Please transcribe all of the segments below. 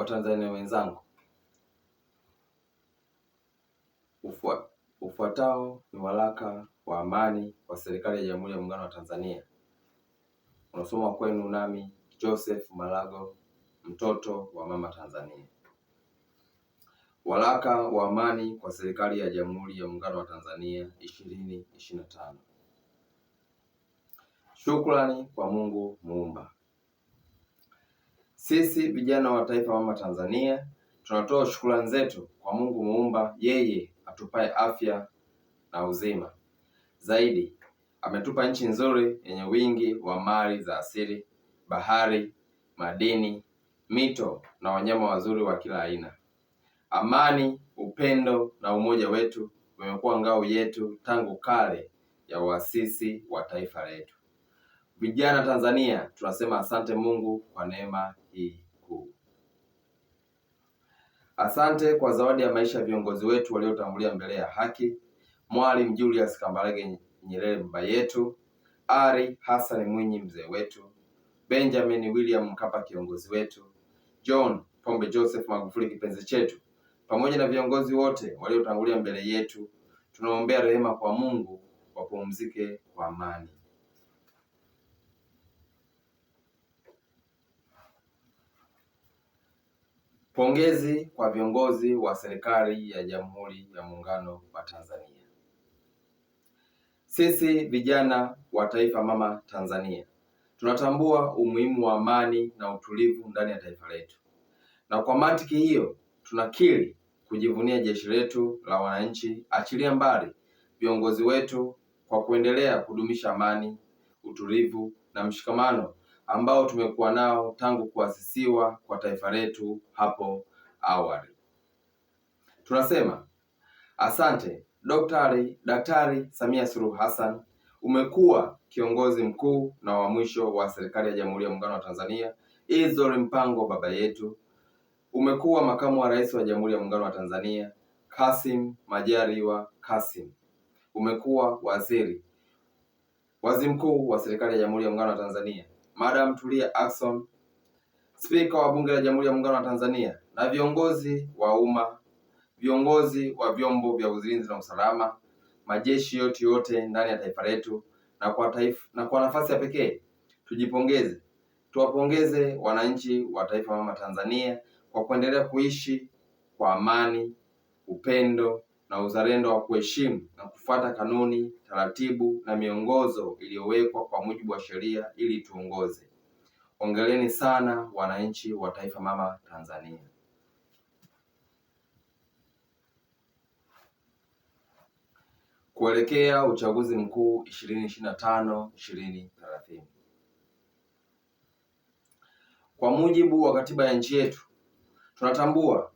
Watanzania wenzangu, ufuatao ufuatao ni waraka wa amani wa serikali ya Jamhuri ya Muungano wa Tanzania unasoma kwenu nami Joseph Malago, mtoto wa mama Tanzania. Waraka wa amani kwa serikali ya Jamhuri ya Muungano wa Tanzania 2025. Shukrani kwa Mungu muumba sisi vijana wa Taifa Mama Tanzania tunatoa shukrani zetu kwa Mungu Muumba, yeye atupae afya na uzima. Zaidi ametupa nchi nzuri yenye wingi wa mali za asili, bahari, madini, mito na wanyama wazuri wa kila aina. Amani, upendo na umoja wetu umekuwa ngao yetu tangu kale ya uasisi wa taifa letu. Vijana Tanzania tunasema asante Mungu kwa neema hii kuu. Asante kwa zawadi ya maisha ya viongozi wetu waliotangulia mbele ya haki, Mwalimu Julius Kambarage Nyerere baba yetu, Ali Hassan Mwinyi mzee wetu, Benjamin William Mkapa kiongozi wetu, John Pombe Joseph Magufuli kipenzi chetu, pamoja na viongozi wote waliotangulia mbele yetu, tunaombea rehema kwa Mungu wapumzike kwa amani. Pongezi kwa viongozi wa serikali ya Jamhuri ya Muungano wa Tanzania. Sisi vijana wa taifa mama Tanzania tunatambua umuhimu wa amani na utulivu ndani ya taifa letu, na kwa mantiki hiyo tunakiri kujivunia jeshi letu la wananchi, achilia mbali viongozi wetu, kwa kuendelea kudumisha amani, utulivu na mshikamano ambao tumekuwa nao tangu kuasisiwa kwa taifa letu hapo awali. Tunasema asante Daktari Daktari Samia Suluhu Hassan, umekuwa kiongozi mkuu na wa mwisho wa serikali ya Jamhuri ya Muungano wa Tanzania. Izzori Mpango, baba yetu, umekuwa makamu wa rais wa Jamhuri ya Muungano wa Tanzania. Kasim Majaliwa Kasim, umekuwa waziri wazi mkuu wa serikali ya Jamhuri ya Muungano wa Tanzania. Madam Tulia Ackson, spika wa bunge la Jamhuri ya Muungano wa Tanzania na viongozi wa umma, viongozi wa vyombo vya ulinzi na usalama, majeshi yote yote ndani ya taifa letu, na kwa taifa, na kwa nafasi ya pekee tujipongeze, tuwapongeze wananchi wa taifa mama Tanzania kwa kuendelea kuishi kwa amani, upendo na uzalendo wa kuheshimu na kufuata kanuni, taratibu na miongozo iliyowekwa kwa mujibu wa sheria ili tuongoze. ongeleni sana wananchi wa taifa mama Tanzania. Kuelekea uchaguzi mkuu 2025 2030. Kwa mujibu wa katiba ya nchi yetu tunatambua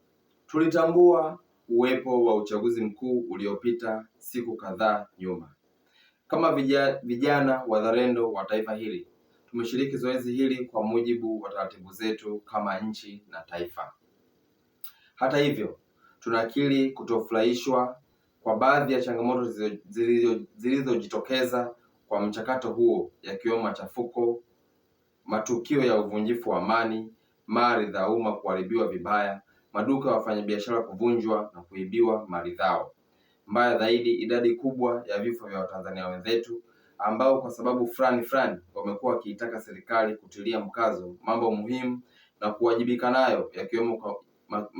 tulitambua uwepo wa uchaguzi mkuu uliopita siku kadhaa nyuma. Kama vijana, wa wazalendo wa taifa hili tumeshiriki zoezi hili kwa mujibu wa taratibu zetu kama nchi na taifa. Hata hivyo, tunakiri kutofurahishwa kwa baadhi ya changamoto zilizojitokeza kwa mchakato huo, yakiwemo machafuko, matukio ya uvunjifu wa amani, mali za umma kuharibiwa vibaya, maduka ya wafanyabiashara kuvunjwa na kuibiwa mali zao. Mbaya zaidi, idadi kubwa ya vifo vya Watanzania wenzetu ambao kwa sababu fulani fulani wamekuwa wakiitaka serikali kutilia mkazo mambo muhimu na kuwajibika nayo, yakiwemo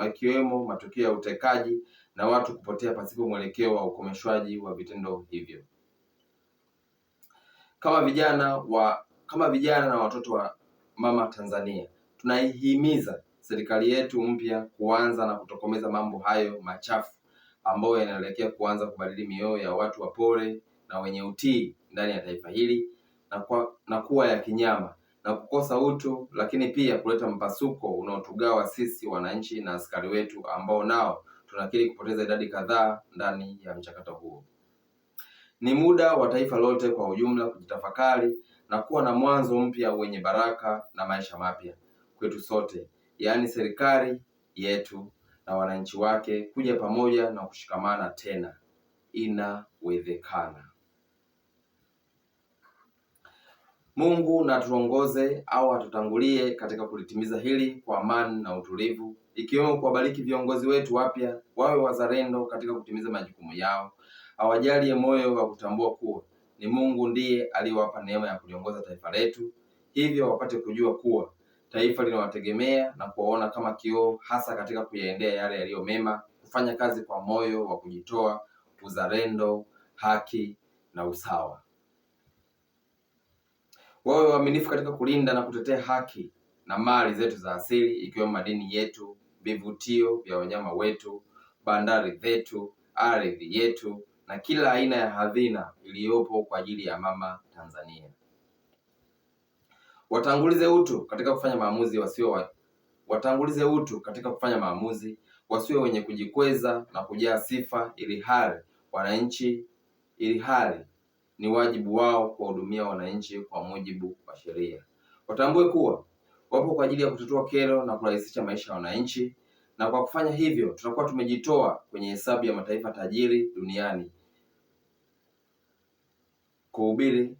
yakiwemo matukio ya utekaji na watu kupotea pasipo mwelekeo wa ukomeshwaji wa vitendo hivyo. Kama vijana wa kama vijana na watoto wa mama Tanzania tunaihimiza serikali yetu mpya kuanza na kutokomeza mambo hayo machafu ambayo yanaelekea kuanza kubadili mioyo ya watu wa pole na wenye utii ndani ya taifa hili na, kwa, na kuwa ya kinyama na kukosa utu, lakini pia kuleta mpasuko unaotugawa sisi wananchi na askari wetu ambao nao tunakiri kupoteza idadi kadhaa ndani ya mchakato huo. Ni muda wa taifa lote kwa ujumla kujitafakari na kuwa na mwanzo mpya wenye baraka na maisha mapya kwetu sote yaani serikali yetu na wananchi wake kuja pamoja na kushikamana tena, inawezekana. Mungu na tuongoze au atutangulie katika kulitimiza hili kwa amani na utulivu, ikiwemo kuwabariki viongozi wetu wapya, wawe wazalendo katika kutimiza majukumu yao, awajalie moyo wa kutambua kuwa ni Mungu ndiye aliyewapa neema ya kuliongoza taifa letu, hivyo wapate kujua kuwa taifa linawategemea na kuwaona kama kioo, hasa katika kuyaendea yale yaliyo mema, kufanya kazi kwa moyo wa kujitoa, uzalendo, haki na usawa. Wawe waaminifu katika kulinda na kutetea haki na mali zetu za asili, ikiwemo madini yetu, vivutio vya wanyama wetu, bandari zetu, ardhi yetu na kila aina ya hazina iliyopo kwa ajili ya mama Tanzania. Watangulize utu katika kufanya maamuzi wasio wa... watangulize utu katika kufanya maamuzi wasio wenye kujikweza na kujaa sifa, ili hali wananchi, ili hali ni wajibu wao kuwahudumia wananchi kwa mujibu wa sheria. Watambue kuwa wapo kwa ajili ya kutatua kero na kurahisisha maisha ya wananchi, na kwa kufanya hivyo tutakuwa tumejitoa kwenye hesabu ya mataifa tajiri duniani kuhubiri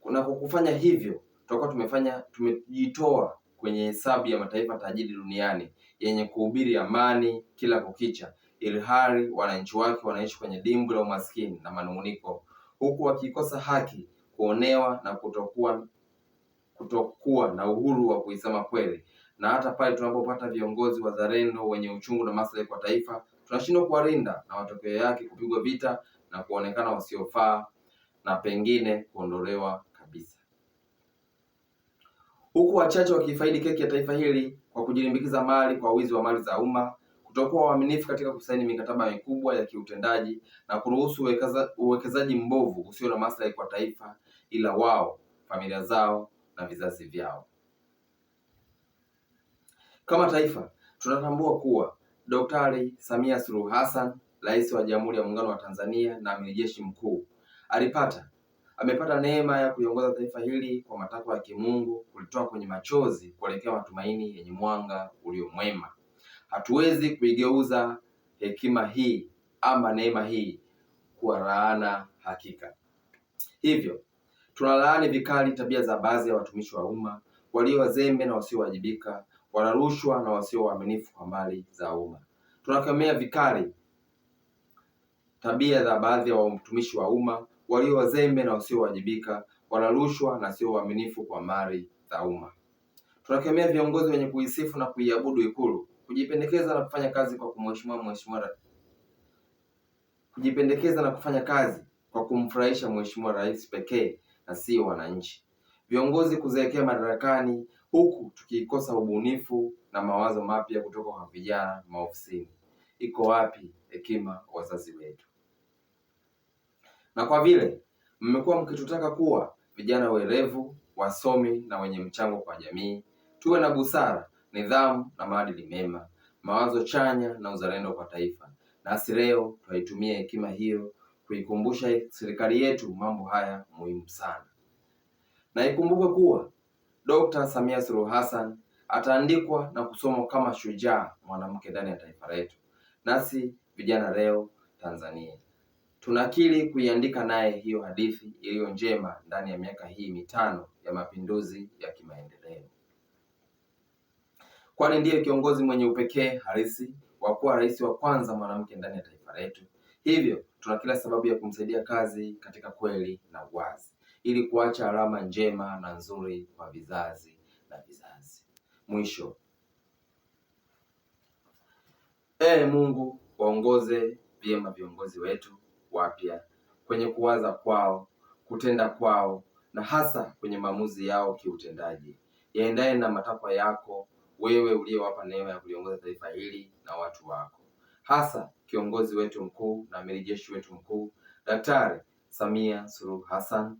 kwa kufanya hivyo tutakuwa tumefanya tumejitoa kwenye hesabu ya mataifa tajiri duniani yenye kuhubiri amani kila kukicha, ilhali wananchi wake wanaishi kwenye dimbwi la umaskini na manung'uniko, huku wakikosa haki, kuonewa na kutokuwa kutokuwa na uhuru wa kuisema kweli. Na hata pale tunapopata viongozi wazalendo wenye uchungu na maslahi kwa taifa, tunashindwa kuwalinda, na matokeo yake kupigwa vita na kuonekana wasiofaa na pengine kuondolewa huku wachache wakiifaidi keki ya taifa hili kwa kujilimbikiza mali kwa wizi wa mali za umma, kutokuwa waaminifu katika kusaini mikataba mikubwa ya kiutendaji na kuruhusu uwekezaji mbovu usio na maslahi kwa taifa, ila wao, familia zao na vizazi vyao. Kama taifa tunatambua kuwa Daktari Samia Suluhu Hassan, Rais wa Jamhuri ya Muungano wa Tanzania na Amiri Jeshi Mkuu, alipata amepata neema ya kuiongoza taifa hili kwa matakwa ya kimungu, kulitoa kwenye machozi kuelekea matumaini yenye mwanga uliomwema. Hatuwezi kuigeuza hekima hii ama neema hii kuwa laana hakika. Hivyo tunalaani vikali tabia za baadhi ya watumishi wa umma walio wazembe na wasiowajibika, wanarushwa na wasio waaminifu kwa mali za umma. Tunakemea vikali tabia za baadhi ya watumishi wa umma walio wazembe na wasiowajibika, wala rushwa na sio waaminifu kwa mali za umma. Tunakemea viongozi wenye kuisifu na kuiabudu Ikulu, kujipendekeza na kufanya kazi kwa kumheshimu mheshimiwa, kujipendekeza na kufanya kazi kwa kumfurahisha mheshimiwa rais pekee na sio wananchi. Viongozi kuzeekea madarakani, huku tukiikosa ubunifu na mawazo mapya kutoka kwa vijana maofisini. Iko wapi hekima wazazi wetu? na kwa vile mmekuwa mkitutaka kuwa vijana werevu, wasomi na wenye mchango kwa jamii, tuwe na busara, nidhamu na maadili mema, mawazo chanya na uzalendo kwa taifa. Nasi leo tunaitumia hekima hiyo kuikumbusha serikali yetu mambo haya muhimu sana, na ikumbuke kuwa Dkt. Samia Suluhu Hassan ataandikwa na kusomwa kama shujaa mwanamke ndani ya taifa letu. Nasi vijana leo Tanzania tunakiri kuiandika naye hiyo hadithi iliyo njema ndani ya miaka hii mitano ya mapinduzi ya kimaendeleo, kwani ndiye kiongozi mwenye upekee halisi wa kuwa rais wa kwanza mwanamke ndani ya taifa letu. Hivyo tuna kila sababu ya kumsaidia kazi katika kweli na uwazi, ili kuacha alama njema na nzuri kwa vizazi na vizazi. Mwisho, Ee Mungu, waongoze vyema viongozi wetu wapya kwenye kuwaza kwao, kutenda kwao na hasa kwenye maamuzi yao kiutendaji, yaendane na matakwa yako wewe uliyowapa neema ya kuliongoza taifa hili na watu wako, hasa kiongozi wetu mkuu na amiri jeshi wetu mkuu Daktari Samia Suluhu Hassan.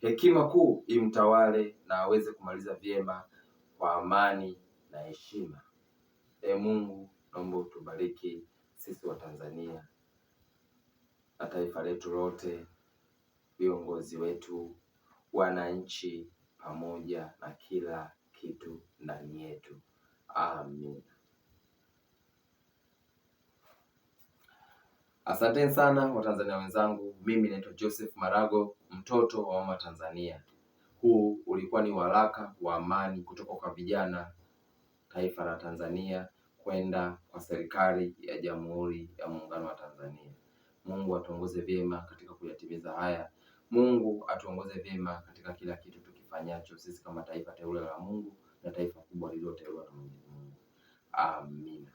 Hekima kuu imtawale na aweze kumaliza vyema kwa amani na heshima. Ee Mungu, naomba utubariki sisi wa tanzania na taifa letu lote, viongozi wetu, wananchi, pamoja na kila kitu ndani yetu. Amin. Asanteni sana Watanzania wenzangu, mimi naitwa Joseph Marago, mtoto wa mama Tanzania. Huu ulikuwa ni waraka wa amani kutoka kwa vijana taifa la Tanzania kwenda kwa serikali ya Jamhuri ya Muungano wa Tanzania. Mungu atuongoze vyema katika kuyatimiza haya. Mungu atuongoze vyema katika kila kitu tukifanyacho sisi kama taifa teule la Mungu na taifa kubwa lililoteuliwa na Mwenyezi Mungu. Amina.